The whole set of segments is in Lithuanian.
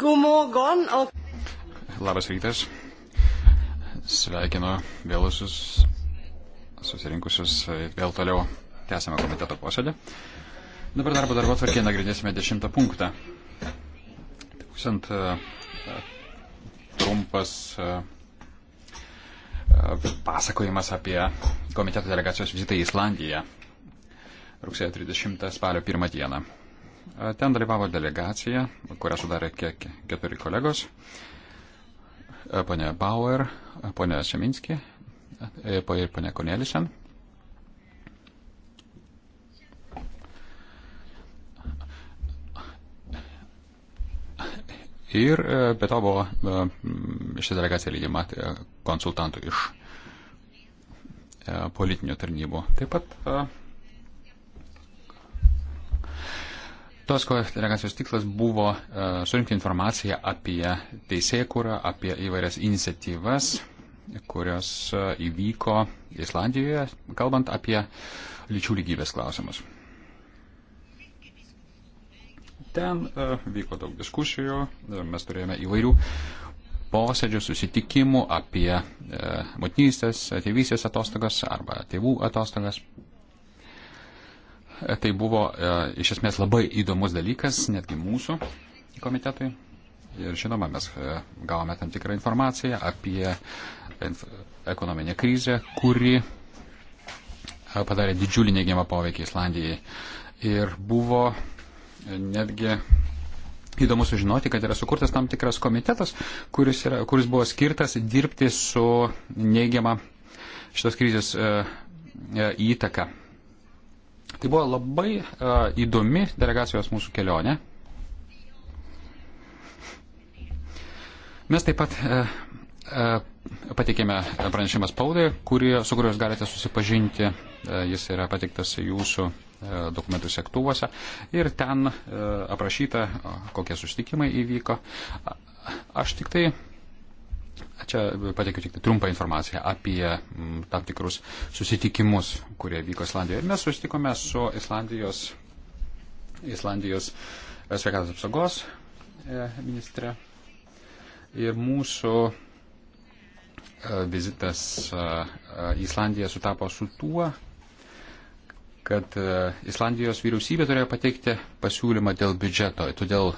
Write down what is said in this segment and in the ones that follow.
Gumorgon. Labas rytas. Sveikinu vėlusius susirinkusius vėl toliau. Tęsame komiteto posėdį. Dabar darbo darbo tvarkė nagrinėsime dešimtą punktą. Būtent e, trumpas e, pasakojimas apie komiteto delegacijos vizitą į Islandiją rugsėjo 30 spalio 1 dieną. Ten dalyvavo delegacija, kurią sudarė kiek keturi kolegos. Pone Bauer, pone Šeminski e, ir pone Konelisen. Ir e, be to buvo e, ši delegacija lydima konsultantų iš politinių tarnybų. Taip pat Tos delegacijos tikslas buvo e, surinkti informaciją apie teisėkurą, apie įvairias iniciatyvas, kurios e, įvyko Islandijoje, kalbant apie lyčių lygybės klausimus. Ten e, vyko daug diskusijų, mes turėjome įvairių posėdžių, susitikimų apie motinystės, tėvysės atostogas arba tėvų atostogas tai buvo e, iš esmės labai įdomus dalykas netgi mūsų komitetui. Ir žinoma, mes e, gavome tam tikrą informaciją apie ekonominę krizę, kuri e, padarė didžiulį neigiamą poveikį Islandijai. Ir buvo netgi įdomu sužinoti, kad yra sukurtas tam tikras komitetas, kuris, yra, kuris buvo skirtas dirbti su neigiama šitos krizės įtaka Tai buvo labai uh, įdomi delegacijos mūsų kelionė. Mes taip pat uh, uh, pateikėme pranešimą spaudai, kurį, su kuriuo jūs galite susipažinti. Uh, jis yra pateiktas jūsų uh, dokumentų sektuvose. Ir ten uh, aprašyta, uh, kokie susitikimai įvyko. Aš tik tai uh, Čia pateikiu tik trumpą informaciją apie m, mm, tam tikrus susitikimus, kurie vyko Islandijoje. Ir mes susitikome su Islandijos, Islandijos e, sveikatos apsaugos e, ministre. Ir mūsų e, vizitas į Islandiją sutapo su tuo, kad Islandijos vyriausybė turėjo pateikti pasiūlymą dėl biudžeto, todėl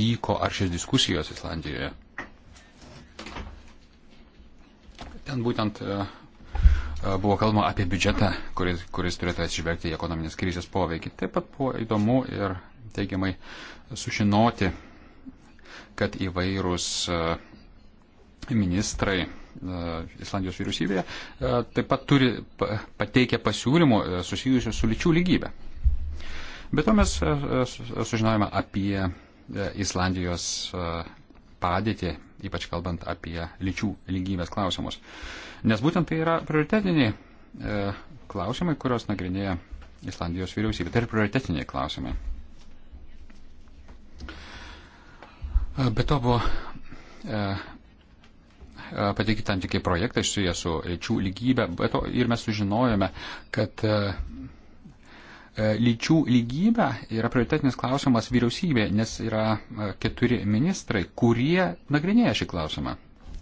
vyko aršios diskusijos Islandijoje. Ten būtent e, e, buvo kalbama apie biudžetą, kuris, kuris turėtų atsižvelgti į ekonominės krizės poveikį. Taip pat buvo įdomu ir teigiamai sužinoti, kad įvairūs e, ministrai Islandijos vyriausybėje taip pat turi pateikę pasiūlymų susijusių su lyčių lygybė. Bet to mes sužinojame apie Islandijos padėtį ypač kalbant apie lyčių lygybės klausimus. Nes būtent tai yra prioritetiniai e, klausimai, kurios nagrinėja Islandijos vyriausybė. Tai yra prioritetiniai klausimai. E, be to buvo e, e pateikti tam tikrai projektai susiję su lyčių lygybė. Be to ir mes sužinojome, kad e, E, lyčių lygybė yra prioritetinis klausimas vyriausybė, nes yra e, keturi ministrai, kurie nagrinėja šį klausimą.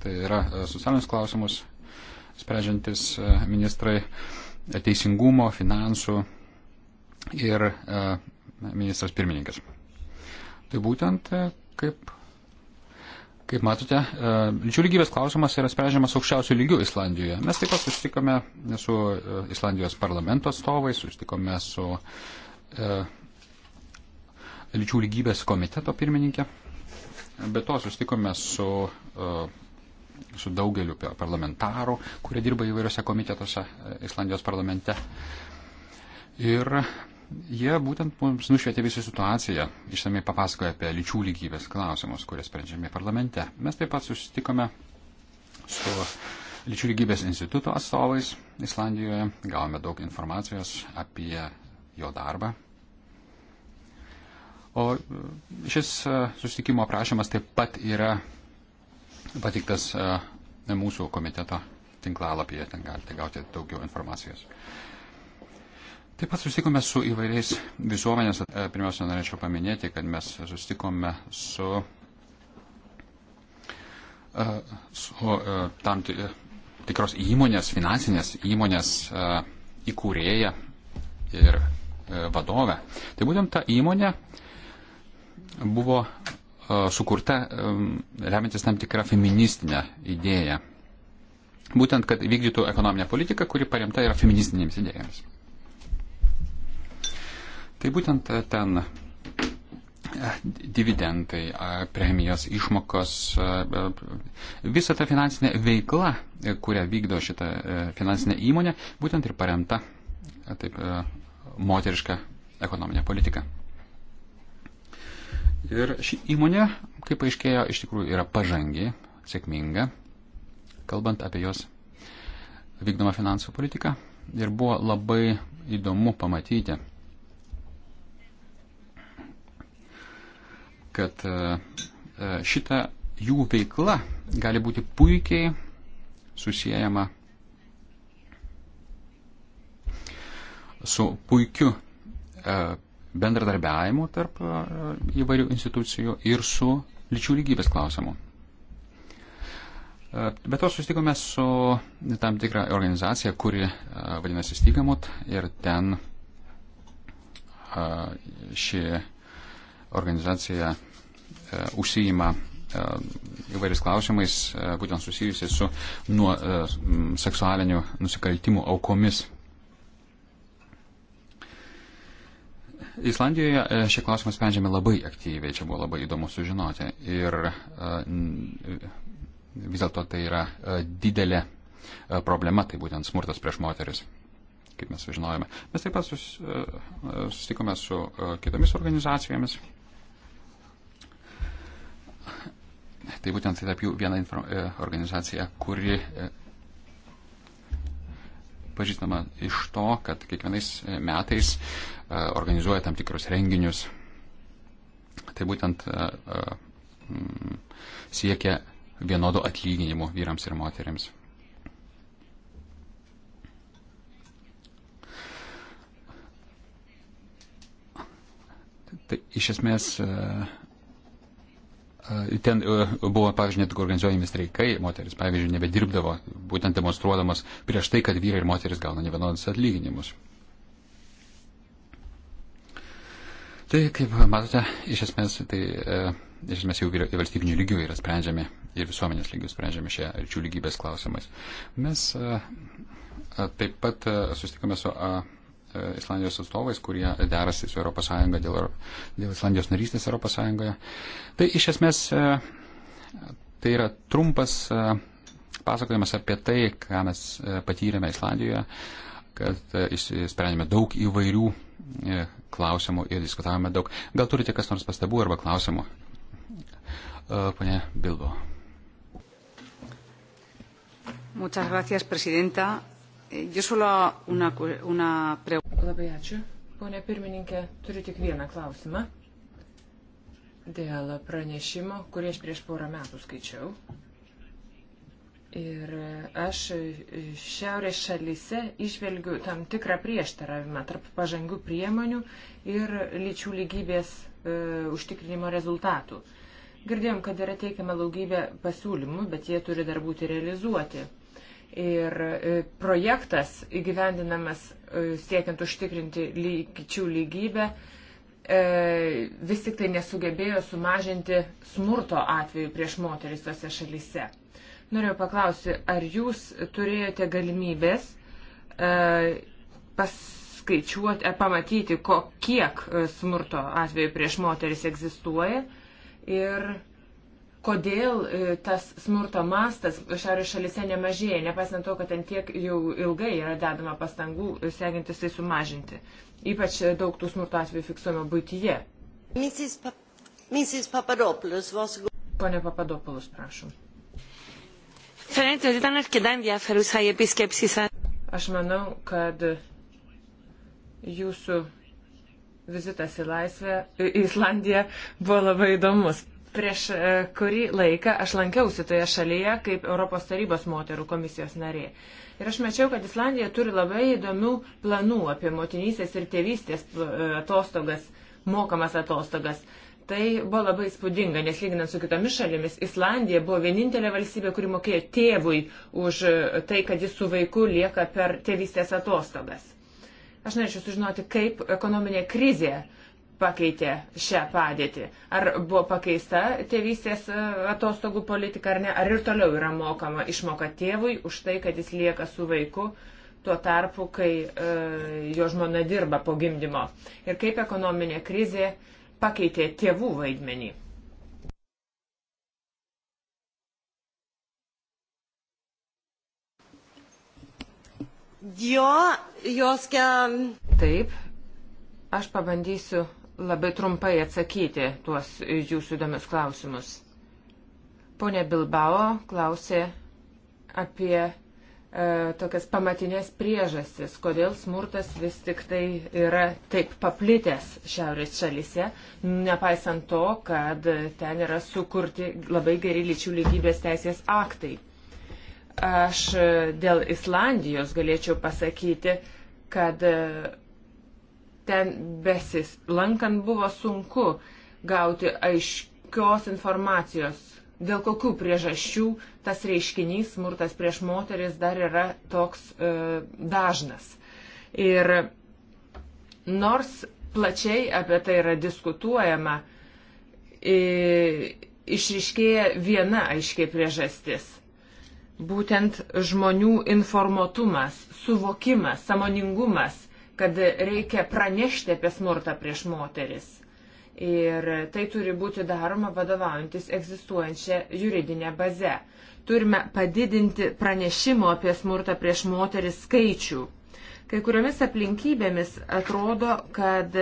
Tai yra e, socialinius klausimus sprendžiantis ministrai teisingumo, finansų ir ministras pirmininkas. Tai būtent kaip Kaip matote, e, lyčių lygybės klausimas yra sprendžiamas aukščiausių lygių Islandijoje. Mes taip pat susitikome su e, Islandijos parlamento atstovais, susitikome su e, lyčių lygybės komiteto pirmininkė. Be to susitikome su, su daugeliu parlamentarų, kurie dirba įvairiose komitetuose Islandijos parlamente. Ir jie būtent mums nušvietė visą situaciją, išsamei papasakojo apie lyčių lygybės klausimus, kurie sprendžiami parlamente. Mes taip pat susitikome su lyčių lygybės instituto atstovais Islandijoje, gavome daug informacijos apie jo darbą. O šis e, susitikimo aprašymas taip pat yra patiktas e, mūsų komiteto tinklalapyje, ten galite gauti daugiau informacijos. Taip pat susitikome su įvairiais visuomenės. E, pirmiausia, norėčiau paminėti, kad mes susitikome su, e, su e, tam tikros įmonės, finansinės įmonės įkūrėja ir vadovė. Tai būtent ta įmonė buvo sukurta remiantis tam tikrą feministinę idėją. Būtent, kad vykdytų ekonominę politiką, kuri paremta yra feministinėmis idėjomis. Tai būtent e, ten e, dividendai, premijos, išmokos, visa ta finansinė veikla, e, kurią vykdo šitą finansinę įmonę, būtent ir paremta taip, moteriška ekonominė politika. Ir ši įmonė, kaip aiškėjo, iš tikrųjų yra pažangi, sėkminga, kalbant apie jos vykdomą finansų politiką. Ir buvo labai įdomu pamatyti, kad e, e, šita jų veikla gali būti puikiai susijęjama su puikiu e, bendradarbiavimu tarp įvairių institucijų ir su lyčių lygybės klausimu. Bet to susitikome su tam tikra organizacija, kuri vadinasi Stigamot ir ten ši organizacija e, užsijima e, įvairiais klausimais, e, būtent susijusiais su nuo seksualinių nusikaltimų aukomis. Islandijoje šie klausimai sprendžiami labai aktyviai, čia buvo labai įdomu sužinoti. Ir vis dėlto tai yra didelė problema, tai būtent smurtas prieš moteris, kaip mes sužinojome. Mes taip pat sus, susitikome su kitomis organizacijomis, Tai būtent tai tarp jų viena e, organizacija, kuri e, pažįstama iš to, kad kiekvienais e, metais organizuoja tam tikrus renginius. Tai būtent siekia vienodo atlyginimo vyrams ir moteriams. Tai iš esmės E, ten e, buvo, pavyzdžiui, net organizuojami streikai, moteris, pavyzdžiui, nebedirbdavo, būtent demonstruodamas prieš tai, kad vyrai ir moteris gauna nevienodus atlyginimus. Tai, kaip matote, iš esmės, tai, e, iš esmės jau valstybinių lygių yra sprendžiami ir visuomenės lygių sprendžiami šie lyčių lygybės klausimais. Mes taip pat susitikome su E, Islandijos atstovais, kurie derasi su ES dėl, dėl Islandijos narystės ES. Tai iš esmės e, tai yra trumpas e, pasakojimas apie tai, ką mes patyrėme Islandijoje, kad sprendėme daug įvairių klausimų ir diskutavome daug. Gal turite kas nors pastabų arba klausimų? Pane Bilbo. Muchas gracias, presidenta. Yo solo una, una pregunta. Labai ačiū. Pone pirmininkė, turiu tik vieną klausimą. Dėl pranešimo, kurį aš prieš porą metų skaičiau. Ir aš šiaurės šalyse išvelgiu tam tikrą prieštaravimą tarp pažangių priemonių ir lyčių lygybės e, užtikrinimo rezultatų. Girdėjom, kad yra teikiama daugybė pasiūlymų, bet jie turi dar būti realizuoti ir e, projektas įgyvendinamas e, siekiant užtikrinti lyčių lygybę e, vis tik tai nesugebėjo sumažinti smurto atveju prieš moteris tose šalyse. Noriu paklausti, ar jūs turėjote galimybės paskaičiuoti, pamatyti, kiek smurto atveju prieš moteris egzistuoja ir kodėl e, tas smurto mastas šiaurės šalise nemažėja, nepaisant to, kad ten tiek jau ilgai yra dedama pastangų e, siekiantis tai sumažinti. Ypač e, daug tų smurto atvejų fiksuojama būtyje. Mrs. Pa Mrs. Papadopoulos was... Pone Papadopoulos, prašom. Aš manau, kad jūsų vizitas į Laisvę, į Islandiją buvo labai įdomus. Prieš e, kurį laiką aš lankiausi toje šalyje kaip Europos tarybos moterų komisijos narė. Ir aš mačiau, kad Islandija turi labai įdomių planų apie motinysės ir tėvystės e, atostogas, mokamas atostogas. Tai buvo labai spūdinga, nes lyginant su kitomis šalimis, Islandija buvo vienintelė valstybė, kuri mokėjo tėvui už e, tai, kad jis su vaiku lieka per tėvystės atostogas. Aš norėčiau sužinoti, kaip ekonominė krizė uh, pakeitė šią padėtį? Ar buvo pakeista tėvystės e, atostogų politika ar ne? Ar ir toliau yra mokama išmoka tėvui už tai, kad jis lieka su vaiku tuo tarpu, kai e, jo žmona dirba po gimdymo? Ir kaip ekonominė krizė pakeitė tėvų vaidmenį? Jo, jos kem. Taip, aš pabandysiu labai trumpai atsakyti tuos jūsų įdomius klausimus. Pone Bilbao klausė apie e, tokias pamatinės priežastis, kodėl smurtas vis tik tai yra taip paplitęs šiaurės šalyse, nepaisant to, kad ten yra sukurti labai geri lyčių lygybės teisės aktai. Aš dėl Islandijos galėčiau pasakyti, kad e, ten besis lankant buvo sunku gauti aiškios informacijos, dėl kokių priežasčių tas reiškinys smurtas prieš moteris dar yra toks e, dažnas. Ir nors plačiai apie tai yra diskutuojama, e, išriškėja viena aiškiai priežastis. Būtent žmonių informuotumas, suvokimas, samoningumas kad reikia pranešti apie smurtą prieš moteris. Ir tai turi būti daroma vadovaujantis egzistuojančią juridinę bazę. Turime padidinti pranešimo apie smurtą prieš moteris skaičių. Kai kuriomis aplinkybėmis atrodo, kad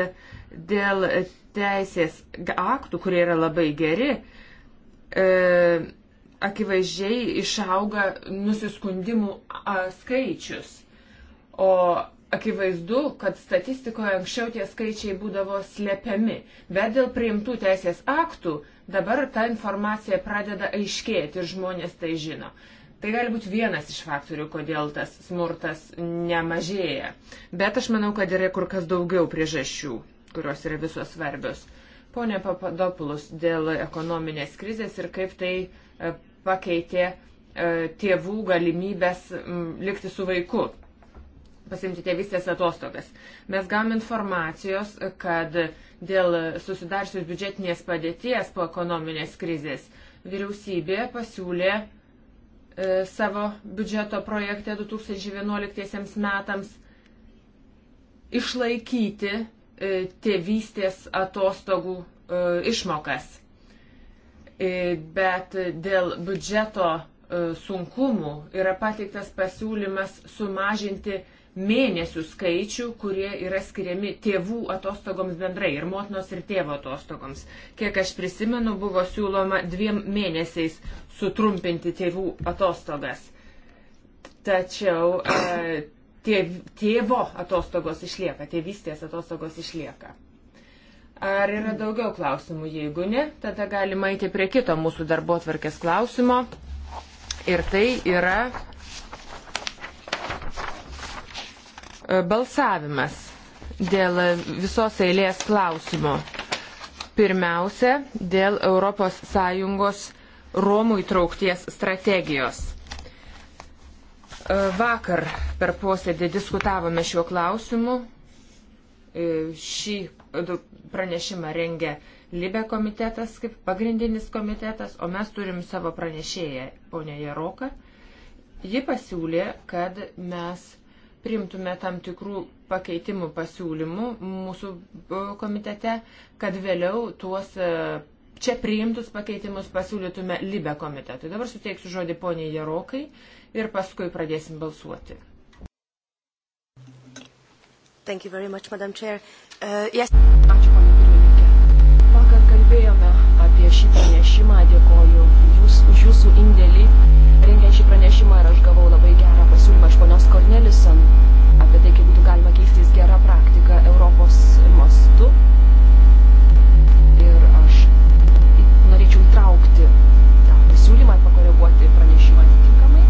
dėl teisės aktų, kurie yra labai geri, e, akivaizdžiai išauga nusiskundimų a, skaičius. O akivaizdu, kad statistikoje anksčiau tie skaičiai būdavo slepiami, bet dėl priimtų teisės aktų dabar ta informacija pradeda aiškėti ir žmonės tai žino. Tai gali būti vienas iš faktorių, kodėl tas smurtas nemažėja. Bet aš manau, kad yra kur kas daugiau priežasčių, kurios yra visos svarbios. Pone Papadopulus, dėl ekonominės krizės ir kaip tai e, pakeitė e, tėvų galimybės likti su vaiku pasimti tėvystės atostogas. Mes gavom informacijos, kad dėl susidarsius biudžetinės padėties po ekonominės krizės vyriausybė pasiūlė e, savo biudžeto projekte 2011 metams išlaikyti e, tėvystės atostogų e, išmokas. E, bet dėl biudžeto e, sunkumų yra pateiktas pasiūlymas sumažinti mėnesių skaičių, kurie yra skiriami tėvų atostogoms bendrai ir motinos ir tėvo atostogoms. Kiek aš prisimenu, buvo siūloma dviem mėnesiais sutrumpinti tėvų atostogas. Tačiau e, tėv, tėvo atostogos išlieka, tėvystės atostogos išlieka. Ar yra daugiau klausimų? Jeigu ne, tada galima eiti prie kito mūsų darbo tvarkės klausimo. Ir tai yra E, balsavimas dėl visos eilės klausimų. Pirmiausia, dėl ES Romų įtraukties strategijos. E, vakar per posėdį diskutavome šiuo klausimu. E, šį pranešimą rengia Libe komitetas kaip pagrindinis komitetas, o mes turim savo pranešėją, ponę Jaroką. Ji pasiūlė, kad mes primtume tam tikrų pakeitimų pasiūlymų mūsų e, komitete, kad vėliau tuos e, čia priimtus pakeitimus pasiūlytume Libe komitetui. Dabar suteiksiu žodį poniai Jarokai ir paskui pradėsim balsuoti. Thank you very much, Madam Chair. Uh, yes. Ačiū, pana pirmininkė. Vakar kalbėjome apie šį pranešimą, dėkoju jūs, už jūsų indėlį. Rengiant šį pranešimą ir aš gavau labai gerą pasiūlymą iš ponios Cornelison apie tai, kaip būtų galima keistis gerą praktiką Europos mastu. Ir aš norėčiau įtraukti tą pasiūlymą ir pakoreguoti pranešimą atitinkamai.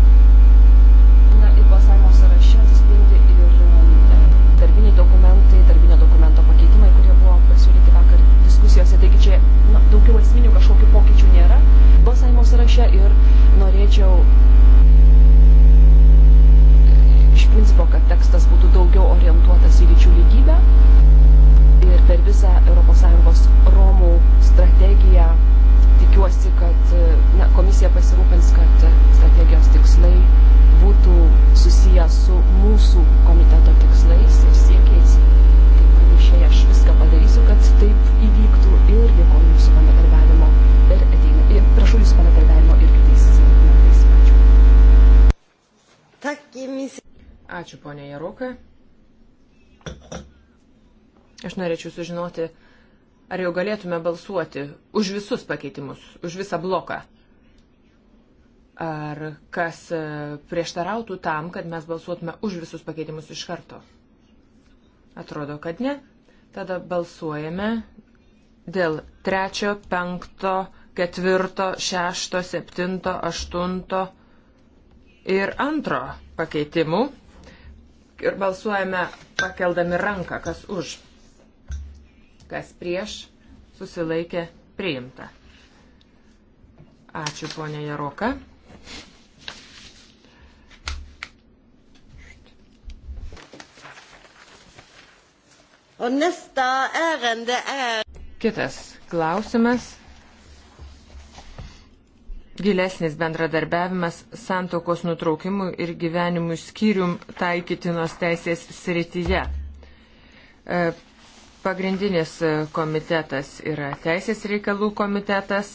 Na ir balsavimo sąraše atsispindi ir e, darbiniai dokumentai, darbinio dokumento pakeitimai, kurie buvo pasiūlyti vakar diskusijose. Taigi čia na, daugiau esminių kažkokių pokyčių nėra balsavimo sąraše ir norėčiau iš principo kad tekstas būtų Ačiū, ponė Jaroka. Aš norėčiau sužinoti, ar jau galėtume balsuoti už visus pakeitimus, už visą bloką. Ar kas e, prieštarautų tam, kad mes balsuotume už visus pakeitimus iš karto? Atrodo, kad ne. Tada balsuojame dėl trečio, penkto, ketvirto, šešto, septinto, aštunto ir antro pakeitimų ir balsuojame pakeldami ranką, kas už, kas prieš, susilaikė priimta. Ačiū ponė Jaroka. Er- Kitas klausimas gilesnis bendradarbiavimas santokos nutraukimui ir gyvenimui skyrium taikytinos teisės srityje. E, pagrindinis komitetas yra Teisės reikalų komitetas.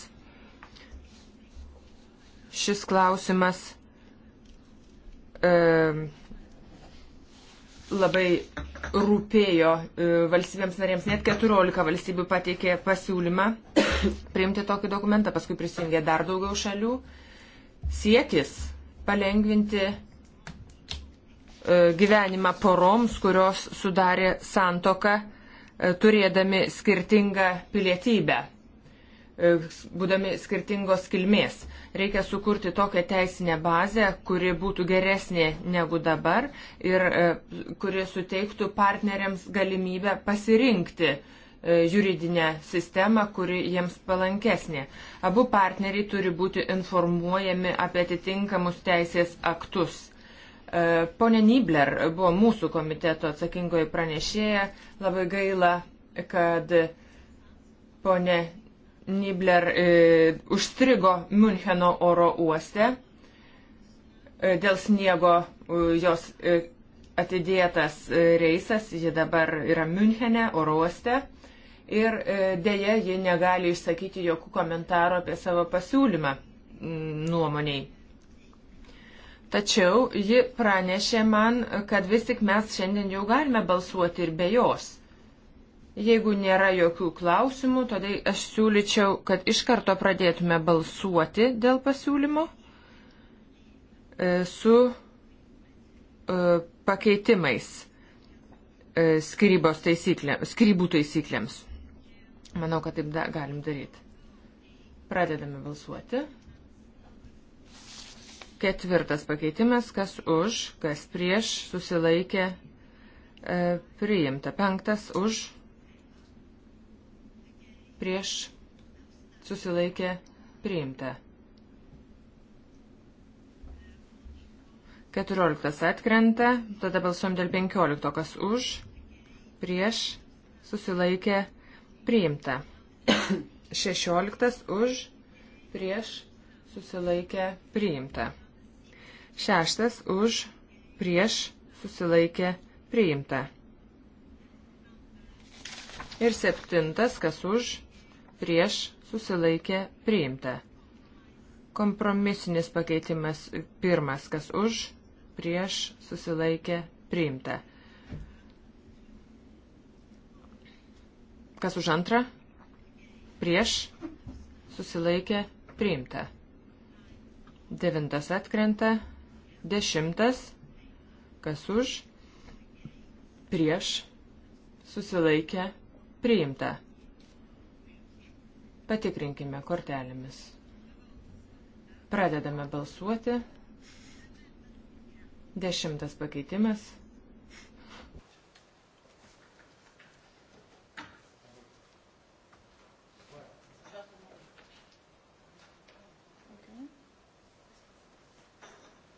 Šis klausimas e, labai rūpėjo e, valstybėms narėms. Net 14 valstybių pateikė pasiūlymą priimti tokį dokumentą, paskui prisijungė dar daugiau šalių. Siekis palengvinti e, gyvenimą poroms, kurios sudarė santoką e, turėdami skirtingą pilietybę. E, būdami skirtingos kilmės. Reikia sukurti tokią teisinę bazę, kuri būtų geresnė negu dabar ir e, kuri suteiktų partneriams galimybę pasirinkti e, juridinę sistemą, kuri jiems palankesnė. Abu partneriai turi būti informuojami apie atitinkamus teisės aktus. Pone Nibler buvo mūsų komiteto atsakingoji pranešėja. Labai gaila, kad ponė Nibler e, užstrigo Müncheno oro uoste. E, dėl sniego e, jos e, atidėtas e, reisas, ji dabar yra Münchene oro uoste. Ir e, dėja, ji negali išsakyti jokių komentarų apie savo pasiūlymą nuomoniai. Tačiau ji pranešė man, kad vis tik mes šiandien jau galime balsuoti ir be jos. Jeigu nėra jokių klausimų, tada aš siūlyčiau, kad iš karto pradėtume balsuoti dėl pasiūlymo e, su e, pakeitimais e, skirybos taisyklė, skirybų taisyklėms. Manau, kad taip da, galim daryti. Pradedame balsuoti. Ketvirtas pakeitimas, kas už, kas prieš, susilaikė, priimta. Penktas už prieš susilaikė priimta. 14 atkrenta, tada balsuom dėl 15, kas už, prieš susilaikė priimta. 16 už, prieš susilaikė priimta. 6 už, prieš susilaikė priimta. Ir septintas, kas už, prieš, susilaikė, priimta. Kompromisinis pakeitimas pirmas, kas už, prieš, susilaikė, priimta. Kas už antrą, prieš, susilaikė, priimta. Devintas atkrenta, dešimtas, kas už, prieš, susilaikė, priimta. Patikrinkime kortelėmis. Pradedame balsuoti. Dešimtas pakeitimas.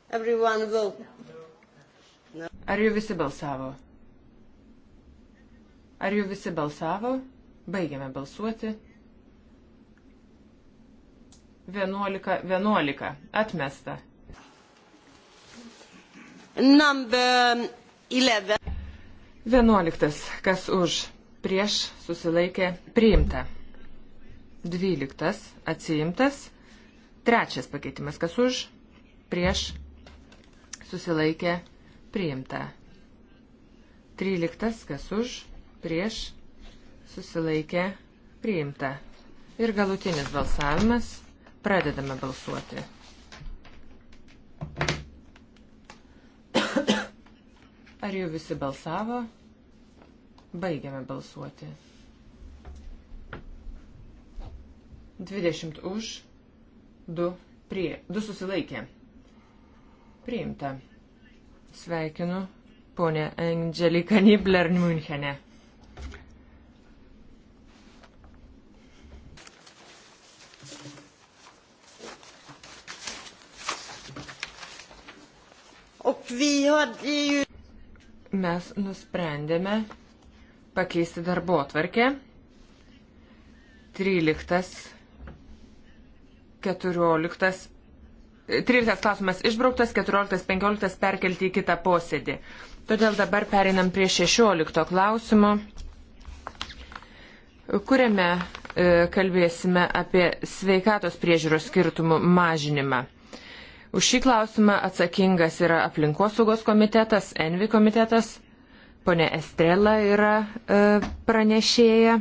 Ar jau visi balsavo? Ar jau visi balsavo? Baigiame balsuoti. 11, 11 atmesta. Number 11. 11. Kas už prieš susilaikė priimta. 12. Atsiimtas. Trečias pakeitimas. Kas už prieš susilaikė priimta. 13. Kas už prieš susilaikė priimta. Ir galutinis balsavimas Pradedame balsuoti. Ar jau visi balsavo? Baigiame balsuoti. 20 už, 2 prie, 2 susilaikė. Priimta. Sveikinu ponę Angeliką Nibler Münchene. Mes nusprendėme pakeisti darbo atvarkę. 13, 14, 13 klausimas išbrauktas, 14, 15 perkelti į kitą posėdį. Todėl dabar pereinam prie 16 klausimo, kuriame e, kalbėsime apie sveikatos priežiūros skirtumų mažinimą. Už šį klausimą atsakingas yra aplinkosaugos komitetas, Envi komitetas, ponė Estrela yra e, pranešėja.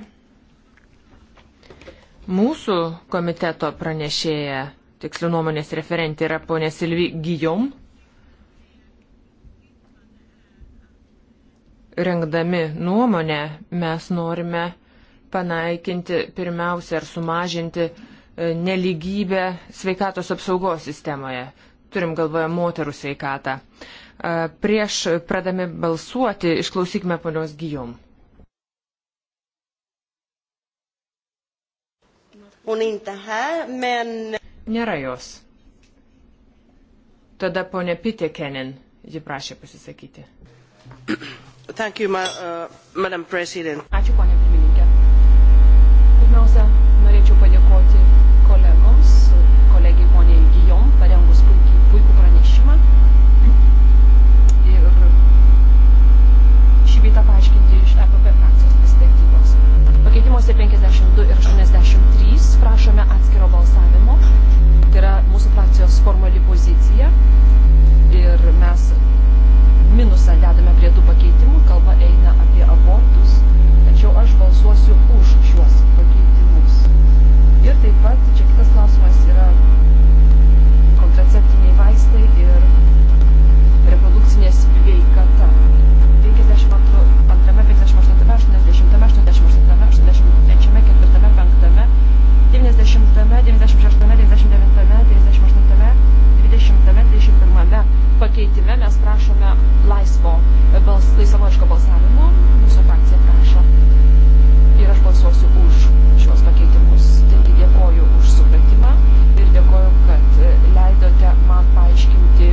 Mūsų komiteto pranešėja, tiksliau nuomonės referentė yra ponė Silvi Gijom. Rengdami nuomonę mes norime panaikinti pirmiausia ar sumažinti neligybę sveikatos apsaugos sistemoje. Turim galvoje moterų sveikatą. Prieš pradami balsuoti, išklausykime ponios Gijom. Nėra jos. Tada ponė Pitė Kenin, ji prašė pasisakyti. You, ma, uh, Ačiū, ponė pakeitime mes prašome laisvo, bals, laisvanoriško balsavimo. Mūsų frakcija prašo. Ir aš balsuosiu už šios pakeitimus. Taigi dėkoju už supratimą ir dėkoju, kad e, leidote man paaiškinti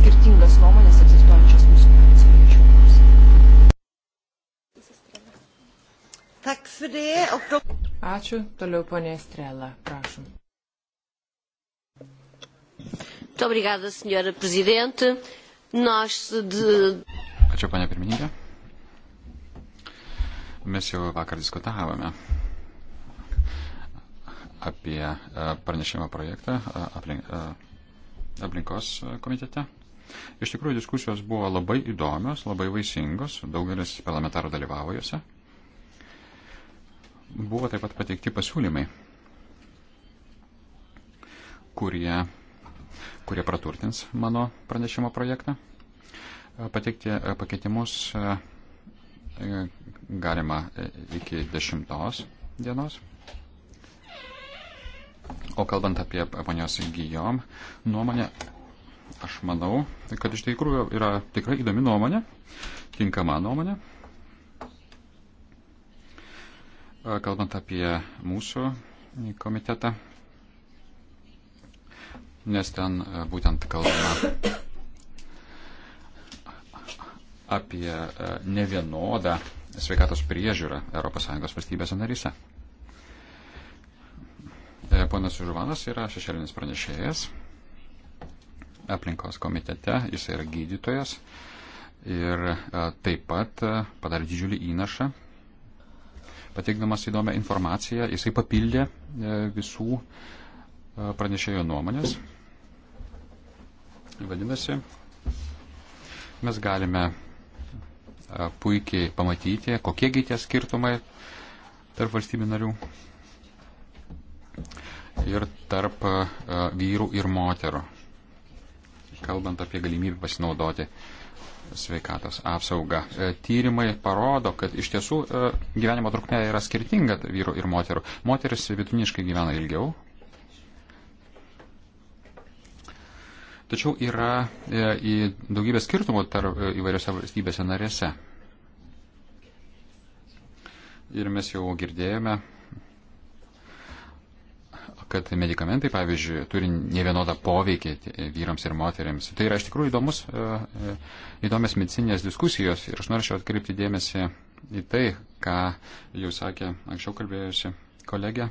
skirtingas nuomonės egzistuojančias mūsų frakcijoje. Ačiū. Toliau ponė Strela. Prašom. Muito obrigada, senhora presidente. Nós de... Ačiū, panė pirmininkė. Mes jau vakar diskutavome apie e, pranešimo projektą e, aplink, e, aplinkos komitete. Iš tikrųjų, diskusijos buvo labai įdomios, labai vaisingos, daugelis parlamentarų dalyvavo juose. Buvo taip pat pateikti pasiūlymai, kurie kurie praturtins mano pranešimo projektą. Pateikti e, pakeitimus e, e, galima iki 10 dienos. O kalbant apie ponios Gijom nuomonę, aš manau, kad iš tikrųjų yra tikrai įdomi nuomonė, tinkama nuomonė. Kalbant apie mūsų komitetą, nes ten e, būtent kalbama apie e, nevienodą sveikatos priežiūrą ES valstybėse narise. E, ponas Žuvanas yra šešėlinis pranešėjas aplinkos komitete, jis yra gydytojas ir taip pat padarė didžiulį įnašą. Pateikdamas įdomią informaciją, jisai papildė visų pranešėjo nuomonės. Vadinasi, mes galime puikiai pamatyti, kokiegi tie skirtumai tarp valstybių narių ir tarp vyrų ir moterų, kalbant apie galimybę pasinaudoti sveikatos apsaugą. E, tyrimai parodo, kad iš tiesų e, gyvenimo trukmė yra skirtinga vyrų ir moterų. Moteris vidutiniškai gyvena ilgiau, Tačiau yra e, daugybė skirtumų tarp e, įvairiose valstybėse narėse. Ir mes jau girdėjome, kad medikamentai, pavyzdžiui, turi ne vienodą poveikį e, vyrams ir moteriams. Tai yra iš tikrųjų įdomus, e, e įdomias medicinės diskusijos ir aš norėčiau atkreipti dėmesį į tai, ką jau sakė anksčiau kalbėjusi kolegė.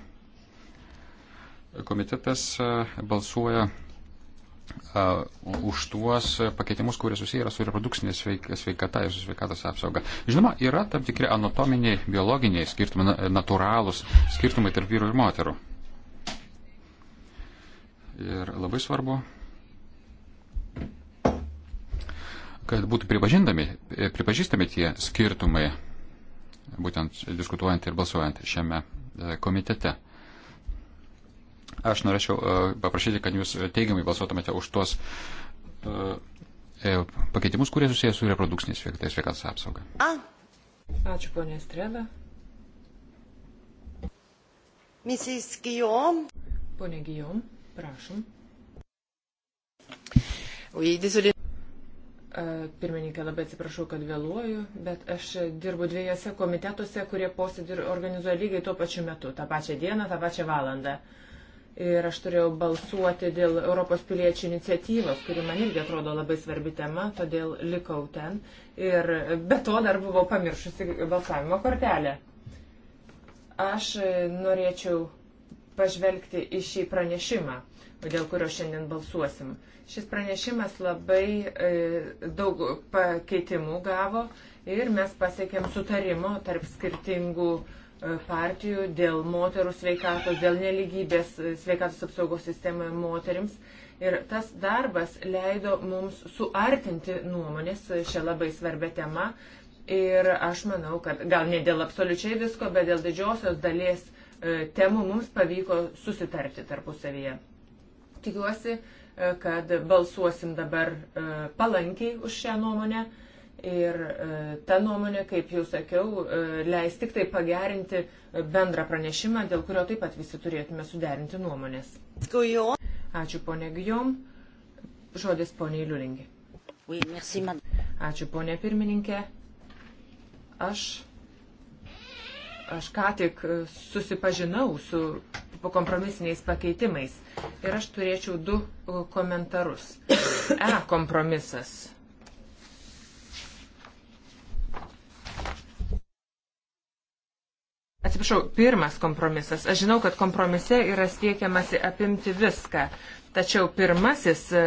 Komitetas e, balsuoja už tuos pakeitimus, kurie susiję yra su reprodukcinė sveikata ir su sveikatos apsauga. Žinoma, yra tam tikri anatominiai, biologiniai skirtumai, natūralūs skirtumai tarp vyrų ir moterų. Ir labai svarbu, kad būtų pripažįstami tie skirtumai, būtent diskutuojant ir balsuojant šiame e, komitete. Aš norėčiau e, paprašyti, kad jūs teigiamai balsuotumėte už tuos e, e, pakeitimus, kurie susijęs su reprodukciniais sveikatais sveikatos apsauga. Ačiū, ponė Strela. Mrs. Guillaume. Pone Guillaume, prašom. Oui, désolé. Pirmininkė, labai atsiprašau, kad vėluoju, bet aš dirbu dviejose komitetuose, kurie posėdį organizuoja lygiai tuo pačiu metu, tą pačią dieną, tą pačią valandą. Uh, ir aš turėjau balsuoti dėl Europos piliečių iniciatyvos, kuri man irgi atrodo labai svarbi tema, todėl likau ten. Ir be to dar buvau pamiršusi balsavimo kortelę. Aš e, norėčiau pažvelgti į šį pranešimą, dėl kurio šiandien balsuosim. Šis pranešimas labai e, daug pakeitimų gavo ir mes pasiekėm sutarimo tarp skirtingų e, E, partijų dėl moterų sveikatos, dėl neligybės e, sveikatos apsaugos sistemoje moterims. Ir tas darbas leido mums suartinti nuomonės šią labai svarbę temą. Ir aš manau, kad gal ne dėl absoliučiai visko, bet dėl didžiosios dalies e, temų mums pavyko susitarti tarpusavyje. Tikiuosi, kad balsuosim dabar palankiai už šią nuomonę. Ir e, ta nuomonė, kaip jau sakiau, e, leis tik tai pagerinti bendrą pranešimą, dėl kurio taip pat visi turėtume suderinti nuomonės. Ačiū ponė Gijom. Žodis ponė Liulingi. Ačiū ponė pirmininkė. Aš, aš ką tik susipažinau su kompromisiniais pakeitimais ir aš turėčiau du e, komentarus. E kompromisas atsiprašau, pirmas kompromisas. Aš žinau, kad kompromise yra siekiamasi apimti viską, tačiau pirmasis e,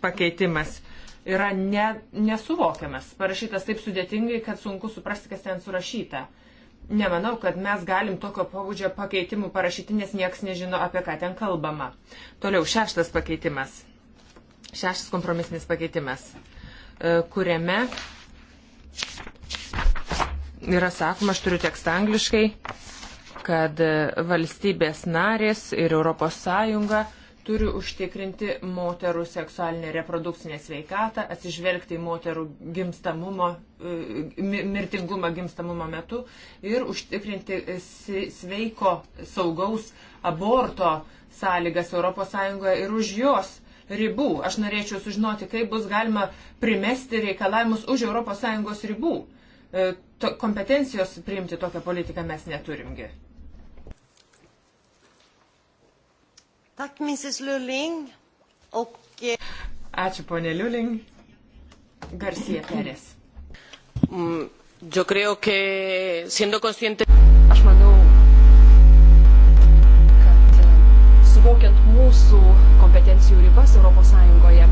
pakeitimas yra ne, nesuvokiamas, parašytas taip sudėtingai, kad sunku suprasti, kas ten surašyta. Nemanau, kad mes galim tokio pobūdžio pakeitimų parašyti, nes nieks nežino, apie ką ten kalbama. Toliau šeštas pakeitimas. Šeštas kompromisinis pakeitimas, e, kuriame yra sakoma, aš turiu tekstą angliškai, kad e, valstybės narės ir ES turi užtikrinti moterų seksualinę reprodukcinę sveikatą, atsižvelgti į moterų gimstamumo, e, mirtingumą gimstamumo metu ir užtikrinti e, sveiko, saugaus aborto sąlygas ES ir už jos ribų. Aš norėčiau sužinoti, kaip bus galima primesti reikalavimus už ES ribų. E, to, kompetencijos priimti tokią politiką mes neturimgi. Tak, Mrs. Luling. Okay. Eh, Ačiū, ponė Liuling. Garcija Perės. Mm, yo creo que siendo consciente. Aš manau, kad e, suvokiant mūsų kompetencijų ribas ES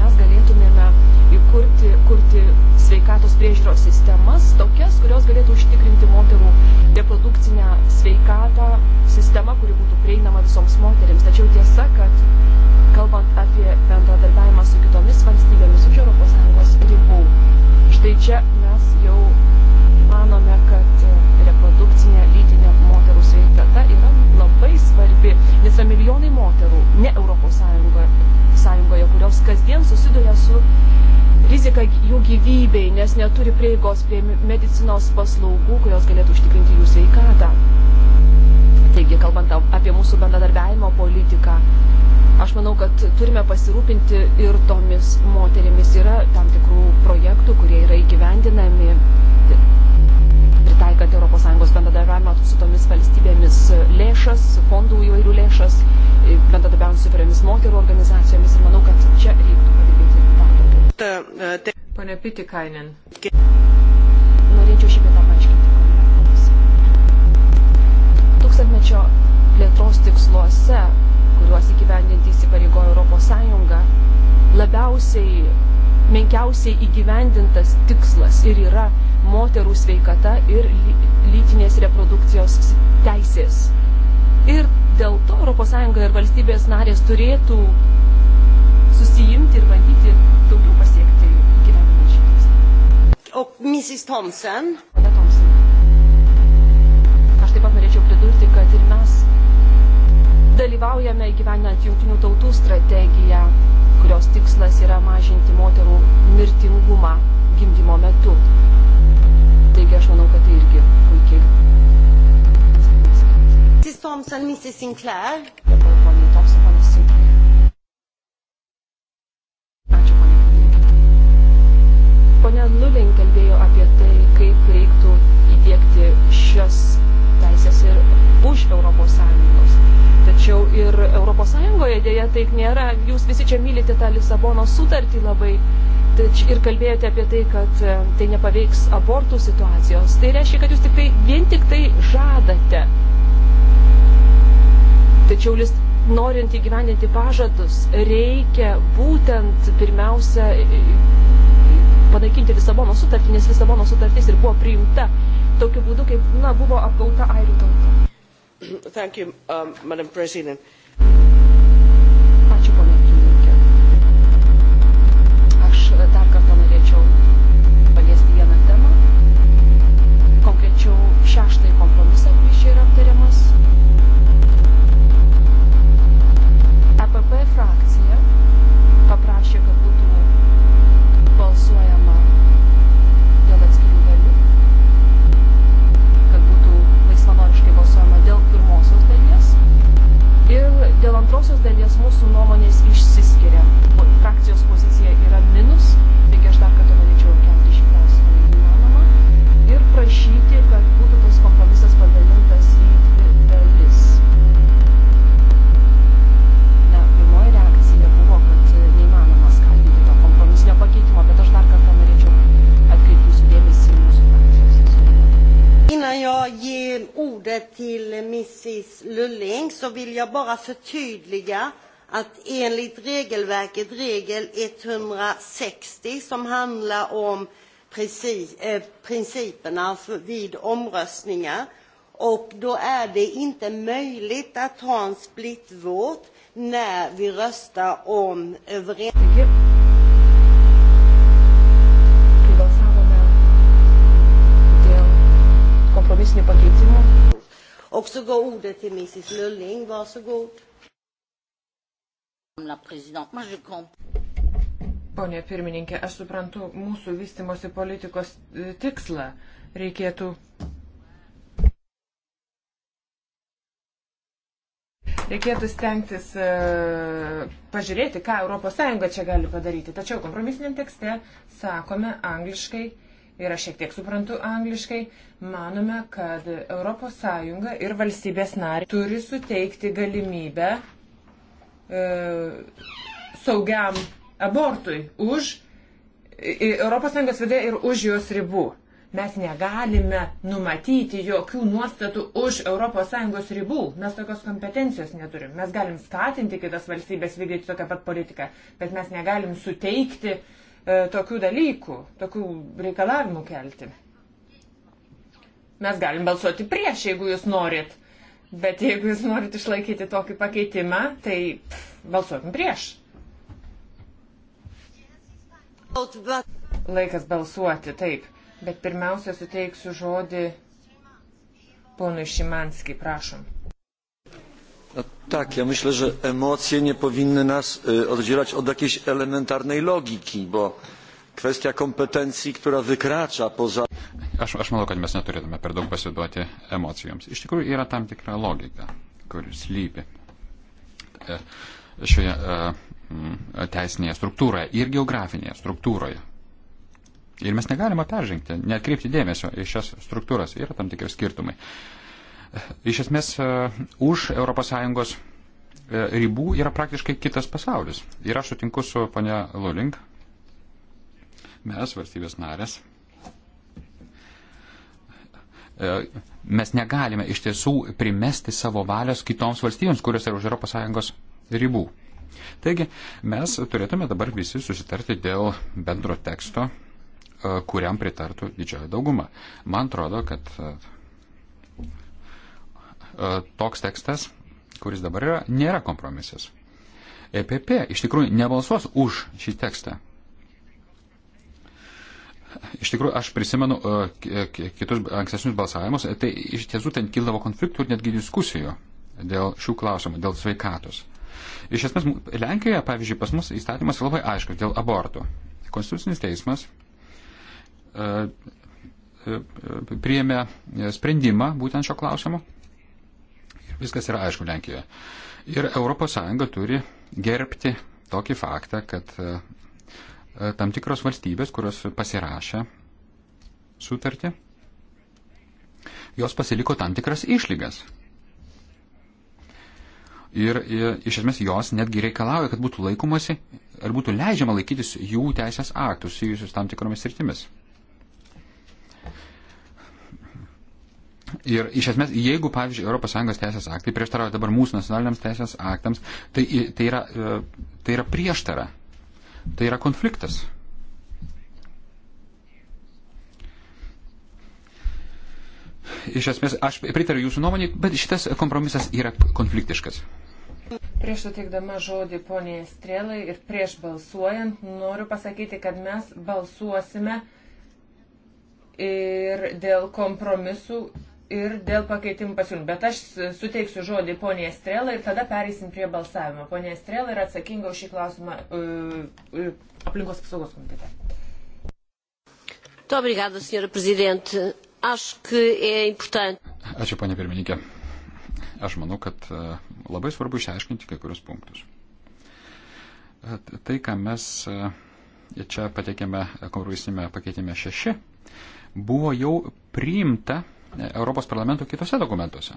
riziką jų gyvybei, nes neturi prieigos prie medicinos paslaugų, kurios galėtų užtikrinti jų sveikatą. Taigi, kalbant apie mūsų bendradarbiavimo politiką, aš manau, kad turime pasirūpinti ir tomis moterimis. Yra tam tikrų projektų, kurie yra įgyvendinami, pritaikant ES bendradarbiavimą su tomis valstybėmis lėšas, fondų įvairių lėšas, bendradarbiavant su įvairiomis moterų organizacijomis ir manau, kad čia reiktų E, Pone Pitikainen. Norėčiau šį vietą paaiškinti. Tūkstantmečio plėtros tiksluose, kuriuos įgyvendinti įsipareigojo Europos Sąjunga, labiausiai, menkiausiai įgyvendintas tikslas ir yra moterų sveikata ir lytinės reprodukcijos teisės. Ir dėl to ES ir valstybės narės turėtų susijimti ir bandyti och Mrs Thompson. Pone Thompson. Aš taip pat norėčiau pridurti, kad ir mes dalyvaujame gyvenant jungtinių tautų strategiją, kurios tikslas yra mažinti moterų mirtingumą gimdymo metu. Taigi aš manau, kad tai irgi puikiai. Mrs Thompson, Mrs Sinclair. Dabar. Lulin kalbėjo apie tai, kaip reiktų įdėkti šias teisės ir už Europos Sąjungos. Tačiau ir Europos Sąjungoje dėja taip nėra. Jūs visi čia mylite tą Lisabono sutartį labai tač, ir kalbėjote apie tai, kad e, tai nepaveiks abortų situacijos. Tai reiškia, kad jūs tik tai, vien tik tai žadate. Tačiau list, norint įgyvendinti pažadus, reikia būtent pirmiausia panaikinti Lisabono sutartį, nes Lisabono sutartis ir buvo priimta tokiu būdu, kaip na, buvo apgauta airių tauta. Thank you, um, Madam President. Louise Lulling så vill jag bara förtydliga att enligt regelverket, regel 160, som handlar om eh, principerna vid omröstningar, och då är det inte möjligt att ha en split vote när vi röstar om överenskommelsen. kompromisinių pakeitimų Och så går ordet till Mrs Lulling. Varsågod. Pone pirmininkė, aš suprantu mūsų vystimosi politikos e, tikslą. Reikėtų reikėtų stengtis uh, pažiūrėti, ką ES čia gali padaryti. Tačiau kompromisiniam tekste sakome angliškai, ir aš šiek tiek suprantu angliškai, manome, kad ES ir valstybės nariai turi suteikti galimybę e, saugiam abortui už ES viduje ir už jos ribų. Mes negalime numatyti jokių nuostatų už ES ribų. Mes tokios kompetencijos neturim. Mes galim skatinti kitas valstybės vykdyti tokią pat politiką, bet mes negalim suteikti uh, E, tokių dalykų, tokių reikalavimų kelti. Mes galim balsuoti prieš, jeigu jūs norit. Bet jeigu jūs norit išlaikyti tokį pakeitimą, tai pff, balsuokim prieš. Laikas balsuoti, taip. Bet pirmiausia, suteiksiu žodį ponui Šimanskį, prašom. No, tak, ja myślę, że emocje nie powinny nas oddzielać od jakiejś elementarnej logiki, bo kwestia kompetencji, która wykracza poza. Aš, aš manau, kad mes neturėtume per daug pasiduoti emocijoms. Iš tikrųjų yra tam tikra logika, kuris lypi e, šioje e, teisinėje struktūroje ir geografinėje struktūroje. Ir mes negalime peržengti, netkreipti dėmesio į šias struktūras. Yra tam tikri skirtumai. Uh, Iš esmės, e, už ES e, ribų yra praktiškai kitas pasaulis. Ir aš sutinku su ponia Lulink. Mes, valstybės narės, e, mes negalime iš tiesų primesti savo valios kitoms valstybėms, kurios yra už ES ribų. Taigi, mes turėtume dabar visi susitarti dėl bendro teksto, kuriam pritartų didžioji dauguma. Man atrodo, kad E, toks tekstas, kuris dabar yra, nėra kompromisas. EPP iš tikrųjų nebalsuos už šį tekstą. Iš tikrųjų, aš prisimenu e, e, kitus ankstesnius balsavimus, tai iš tiesų ten kildavo konfliktų ir netgi diskusijų dėl šių klausimų, dėl sveikatos. Iš esmės, Lenkijoje, pavyzdžiui, pas mus įstatymas labai aiškus dėl abortų. Konstitucinis teismas priėmė sprendimą būtent šio klausimu Viskas yra aišku Lenkijoje. Ir ES turi gerbti tokį faktą, kad e, e, tam tikros valstybės, kurios pasirašė sutartį, jos pasiliko tam tikras išlygas. Ir e, iš esmės jos netgi reikalauja, kad būtų laikomasi ar būtų leidžiama laikytis jų teisės aktų susijusius tam tikromis sritimis. Ir iš esmės, jeigu, pavyzdžiui, ES teisės aktai prieštarauja dabar mūsų nacionaliniams teisės aktams, tai, tai, yra, e, tai yra prieštara, tai yra konfliktas. Iš esmės, aš pritariu jūsų nuomonį, bet šitas kompromisas yra konfliktiškas. Prieš suteikdama žodį poniai Strėlai ir prieš balsuojant, noriu pasakyti, kad mes balsuosime ir dėl kompromisų ir dėl pakeitimų pasiūlymų. Bet aš suteiksiu žodį poniai Estrelai ir tada pereisim prie balsavimo. Ponė Estrela yra atsakinga už šį klausimą uh, aplinkos apsaugos komitete. Muito obrigada, Sra. Presidente. Acho que é importante. Ačiū, panė pirmininkė. Aš manau, kad e, labai svarbu išsiaiškinti kai kurios punktus. Tai, ką mes čia patekėme kompromisinėme pakeitime 6, buvo jau priimta Europos parlamento kitose dokumentuose.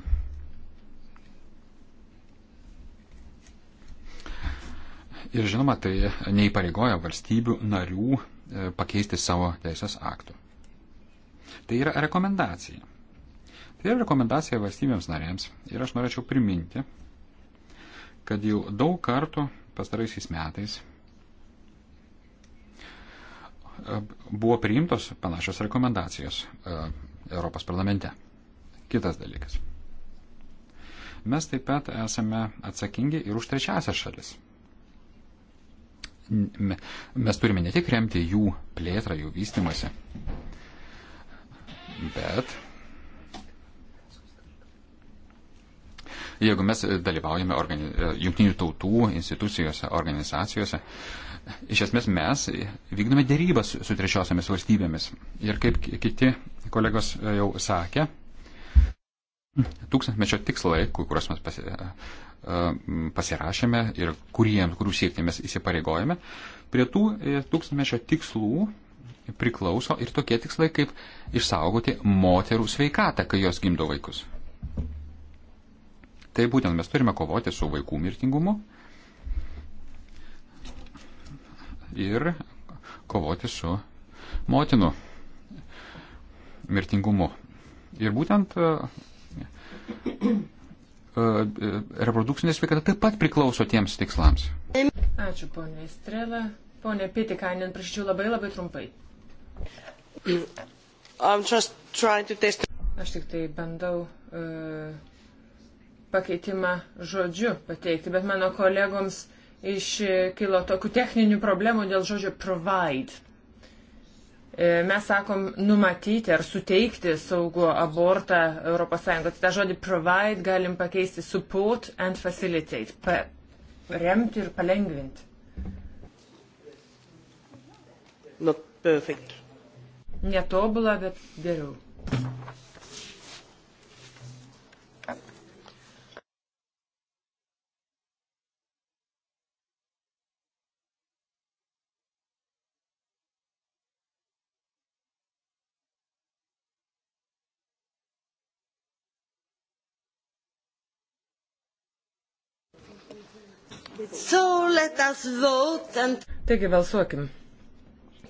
Ir žinoma, tai neįpareigoja valstybių narių e, pakeisti savo teisės aktų. Tai yra rekomendacija. Tai yra rekomendacija valstybėms narėms. Ir aš norėčiau priminti, kad jau daug kartų pastaraisiais metais e, buvo priimtos panašios rekomendacijos e, Europos parlamente. Kitas dalykas. Mes taip pat esame atsakingi ir už trečiasias šalis. Mes turime ne tik remti jų plėtrą, jų vystimasi, bet Jeigu mes dalyvaujame organi... jungtinių tautų institucijose, organizacijose, iš esmės mes vykdome dėrybas su trečiosiamis valstybėmis. Ir kaip kiti kolegos jau sakė, tūkstantmečio tikslai, kuriuos mes pasi, pasirašėme ir kuriems, kurių siekti mes įsipareigojame, prie tų e, tūkstantmečio tikslų priklauso ir tokie tikslai kaip išsaugoti moterų sveikatą, kai jos gimdo vaikus. Tai būtent mes turime kovoti su vaikų mirtingumu ir kovoti su motinų mirtingumu. Ir būtent e, e, reprodukcinė sveikata taip pat priklauso tiems tikslams. Ačiū, ponė Strela. Pone Pitikainen, prašyčiau labai labai trumpai. Aš tik tai bandau uh, pakeitimą žodžiu pateikti, bet mano kolegoms iškilo tokių techninių problemų dėl žodžio provide. E, mes sakom numatyti ar suteikti saugų abortą ES. Tai tą žodį provide galim pakeisti support and facilitate. Pa remti ir palengvinti. Not perfect. Netobula, bet geriau. So let us vote and... Taigi balsuokim.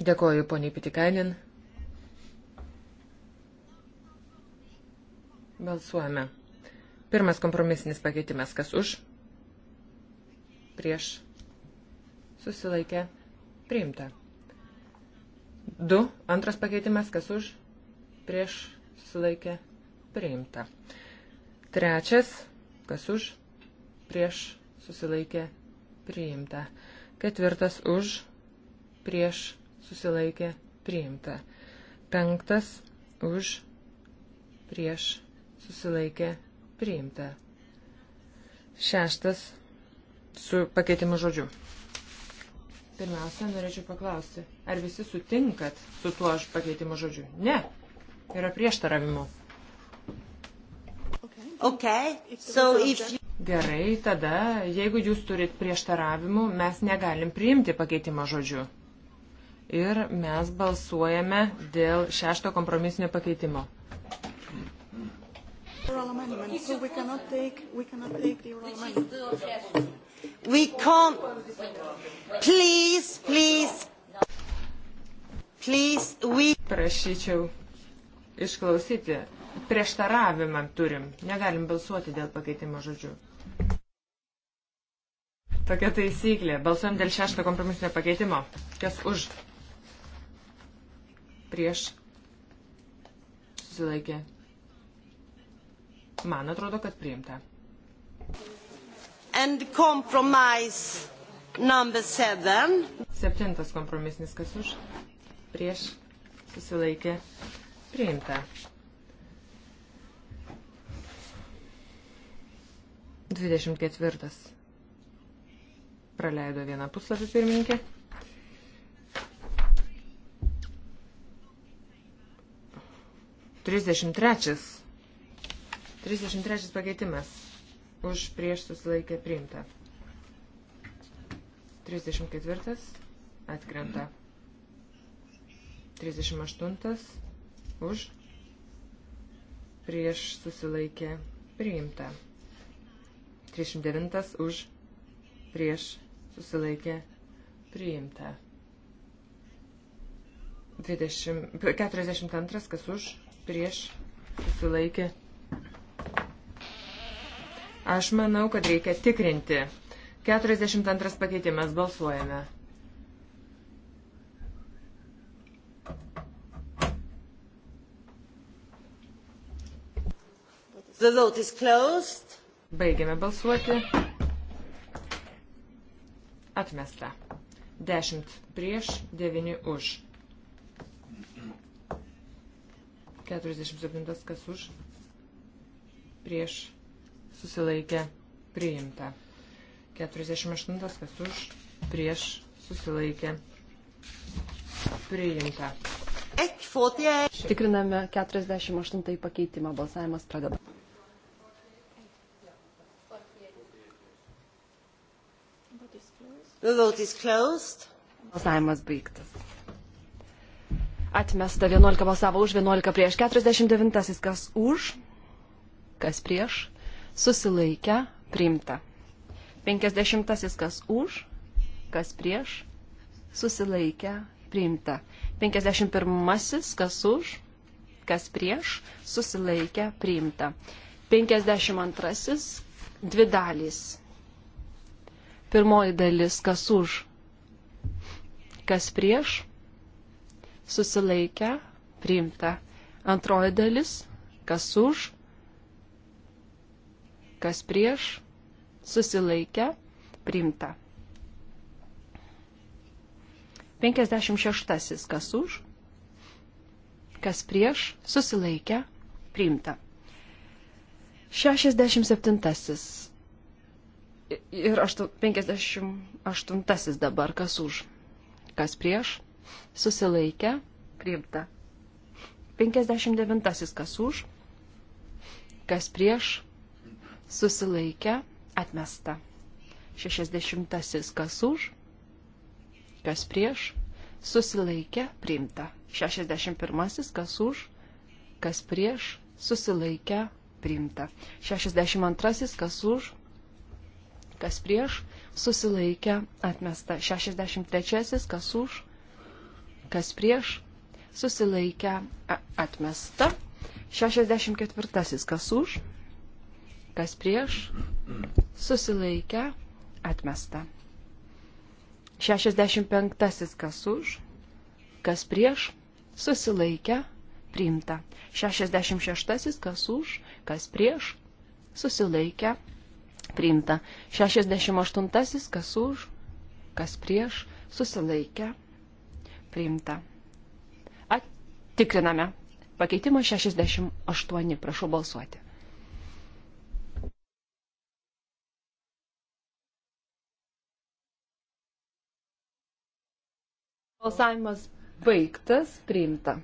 Dėkoju poniai Pitikainin. Balsuojame. Pirmas kompromisinis pakeitimas. Kas už? Prieš. Susilaikė. Priimta. Du. Antras pakeitimas. Kas už? Prieš. Susilaikė. Priimta. Trečias. Kas už? Prieš. Susilaikė priimta. Ketvirtas už, prieš, susilaikė, priimta. Penktas už, prieš, susilaikė, priimta. Šeštas su pakeitimu žodžiu. Pirmiausia, norėčiau paklausti, ar visi sutinkat su tuo aš pakeitimu žodžiu? Ne, yra prieštaravimu. Okay. So if Gerai, tada, jeigu jūs turit prieštaravimų, mes negalim priimti pakeitimą žodžiu. Ir mes balsuojame dėl šešto kompromisinio pakeitimo. Prašyčiau išklausyti prieštaravimą turim. Negalim balsuoti dėl pakeitimo žodžių. Tokia taisyklė. Balsuojam dėl šešto kompromisinio pakeitimo. Kas už? Prieš. Susilaikė. Man atrodo, kad priimta. And compromise number seven. Septintas kompromisinis kas už? Prieš. Susilaikė. Priimta. 24. Praleido vieną puslapį pirmininkė. Trisdešimt trečias. Trisdešimt trečias pakeitimas. Už prieš susilaikę priimta. Trisdešimt ketvirtas. Atkrenta. Trisdešimt aštuntas. Už prieš susilaikė priimta. 39 už prieš susilaikė priimta. 20, 42, kas už, prieš, susilaikė. Aš manau, kad reikia tikrinti. 42 pakeitimas, balsuojame. The vote is closed. Baigiame balsuoti. Atmesta. 10 prieš, 9 už. 47 kas už. Prieš. Susilaikė. Priimta. 48 kas už. Prieš. Susilaikė. Priimta. Tikriname 48 pakeitimą. Balsavimas pradeda. Balsavimas baigtas. Atmesta 11 balsavo už, 11 prieš, 49 kas už, kas prieš, susilaikę, priimta. 50 kas už, kas prieš, susilaikę, priimta. 51 kas už, kas prieš, susilaikę, priimta. 52 dvi dalys Pirmoji dalis, kas už, kas prieš, susilaikę, priimta. Antroji dalis, kas už, kas prieš, susilaikę, priimta. 56. Kas už, kas prieš, susilaikę, priimta. 67 ir 58 dabar, kas už, kas prieš, susilaikę, priimta. 59 kas už, kas prieš, susilaikę, atmesta. 60 kas už, kas prieš, susilaikę, priimta. 61 kas už, kas prieš, susilaikę, priimta. 62 kas už, kas prieš, susilaikė, atmesta. 63, kas už, kas prieš, susilaikė, atmesta. 64, kas už, kas prieš, susilaikė, atmesta. 65, kas už, kas prieš, susilaikė, priimta. 66, kas už, kas prieš, susilaikė, atmesta Priimta. 68. Kas už, kas prieš, susilaikę. Priimta. Tikriname. Pakeitimas 68. Prašau balsuoti. Balsavimas baigtas, priimta.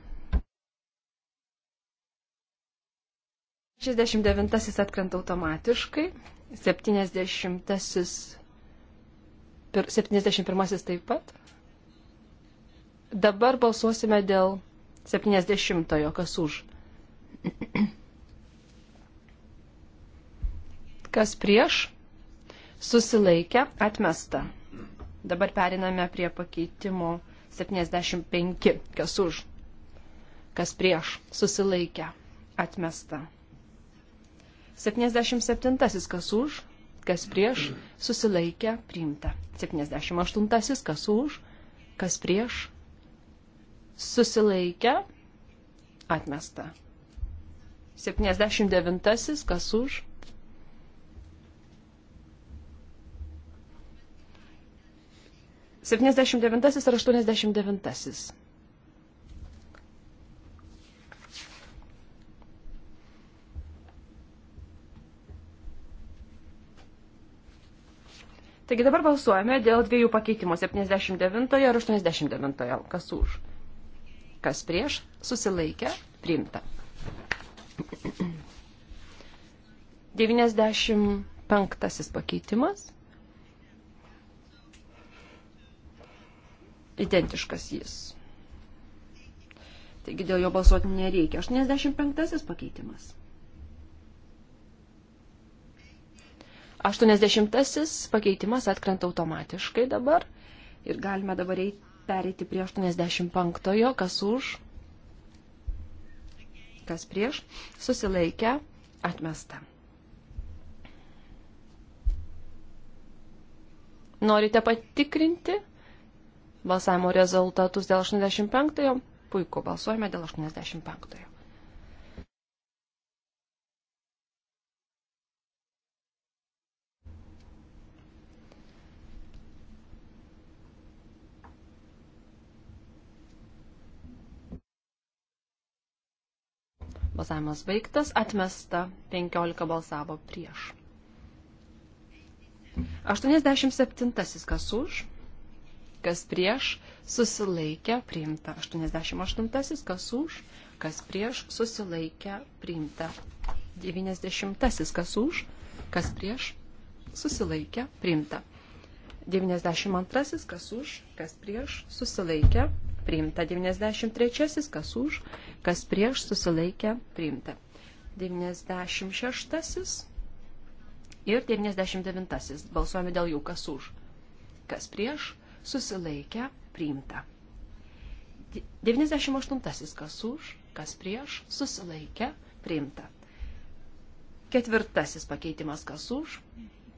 69 atkrenta automatiškai, 70, 71 taip pat. Dabar balsuosime dėl 70-ojo, kas už. Kas prieš? Susilaikę, atmesta. Dabar periname prie pakeitimo 75, kas už. Kas prieš? Susilaikę, atmesta. 77 kas už, kas prieš, susilaikė, priimta. 78 kas už, kas prieš, susilaikė, atmesta. 79 kas už. Septyniasdešimt devintasis ir aštuoniasdešimt devintasis. Taigi dabar balsuojame dėl dviejų pakeitimų - 79 ir 89. Kas už? Kas prieš? Susilaikė? Priimta. 95 pakeitimas. Identiškas jis. Taigi dėl jo balsuoti nereikia. 85 pakeitimas. 80 pakeitimas atkrenta automatiškai dabar ir galime dabar pereiti prie 85, kas už, kas prieš, susilaikę, atmesta. Norite patikrinti balsavimo rezultatus dėl 85? Puiku, balsuojame dėl 85. Balsavimas baigtas. Atmesta 15 balsavo prieš. 87. Kas už, kas prieš, susilaikė priimta. 88. Kas už, kas prieš, susilaikė priimta. 90. Kas už, kas prieš, susilaikė priimta. 92. Kas už, kas prieš, susilaikė priimta. 93. Kas už, kas prieš susilaikė priimta. 96 ir 99. Balsuojame dėl jų, kas už. Kas prieš susilaikė priimta. 98. Kas už, kas prieš susilaikė priimta. Ketvirtasis pakeitimas kas už,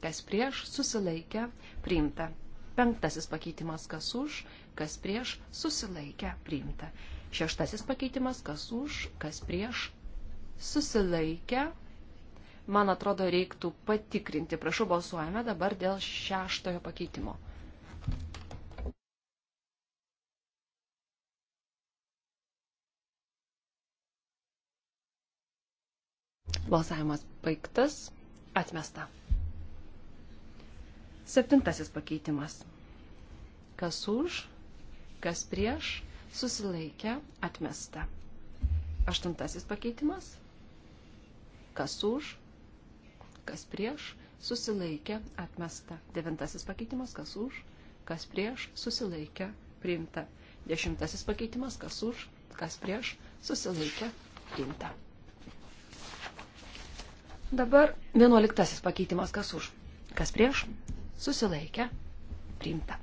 kas prieš susilaikė priimta. Penktasis pakeitimas kas už, kas prieš susilaikė priimta. Šeštasis pakeitimas, kas už, kas prieš, susilaikę. Man atrodo, reiktų patikrinti. Prašau, balsuojame dabar dėl šeštojo pakeitimo. Balsavimas baigtas. Atmesta. Septintasis pakeitimas. Kas už, kas prieš, susilaikė, atmesta. Aštuntasis pakeitimas, kas už, kas prieš, susilaikė, atmesta. Devintasis pakeitimas, kas už, kas prieš, susilaikė, priimta. Dešimtasis pakeitimas, kas už, kas prieš, susilaikė, priimta. Dabar vienuoliktasis pakeitimas, kas už, kas prieš, susilaikė, priimta.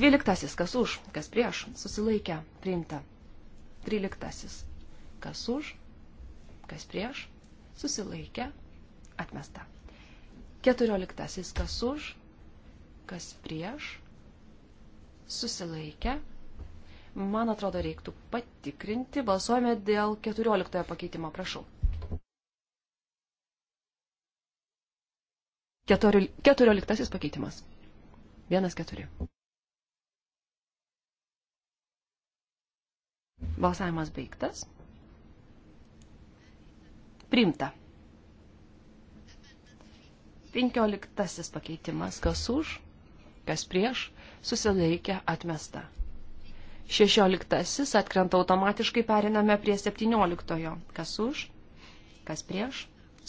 Dvyliktasis, kas už, kas prieš, susilaikę, priimta. Tryliktasis, kas už, kas prieš, susilaikę, atmesta. Keturioliktasis, kas už, kas prieš, susilaikę. Man atrodo, reiktų patikrinti. Balsuojame dėl keturioliktojo pakeitimo, prašau. Keturioliktasis pakeitimas. Vienas keturi. Balsavimas baigtas. Primta. 15 pakeitimas, kas už, kas prieš, susilaikė atmesta. 16 atkrenta automatiškai periname prie 17, kas už, kas prieš,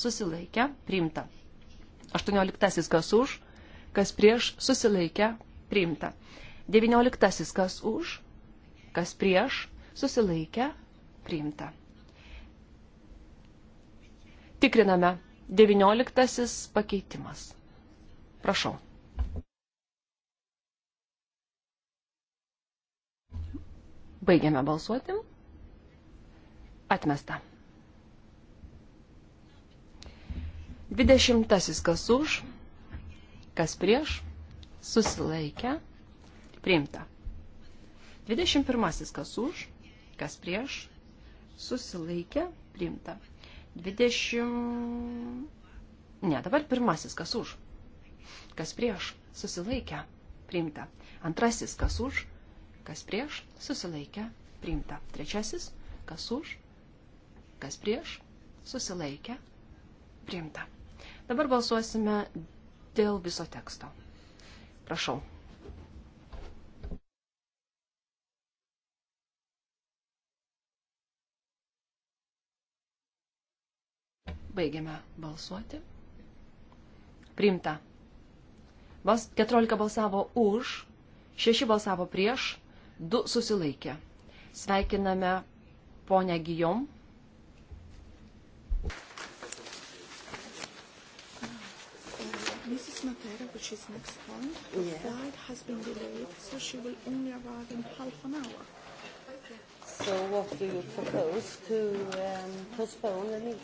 susilaikė, priimta. 18 kas už, kas prieš, susilaikė, priimta. 19 kas už, kas prieš, susilaikę, priimta. Tikriname 19 pakeitimas. Prašau. Baigiame balsuoti. Atmesta. 20 kas už, kas prieš, susilaikę, priimta. 21 kas už, kas prieš, susilaikė, priimta. 20. Ne, dabar pirmasis, kas už, kas prieš, susilaikė, priimta. Antrasis, kas už, kas prieš, susilaikė, priimta. Trečiasis, kas už, kas prieš, susilaikė, priimta. Dabar balsuosime dėl viso teksto. Prašau. Baigiame balsuoti. Priimta. Bas 14 balsavo už, 6 balsavo prieš, 2 susilaikė. Sveikiname ponę Gijom. Mrs. Matera, which is next point, yeah. flight has been delayed, so she will only arrive in half an hour. So what do you propose to um, postpone the meeting?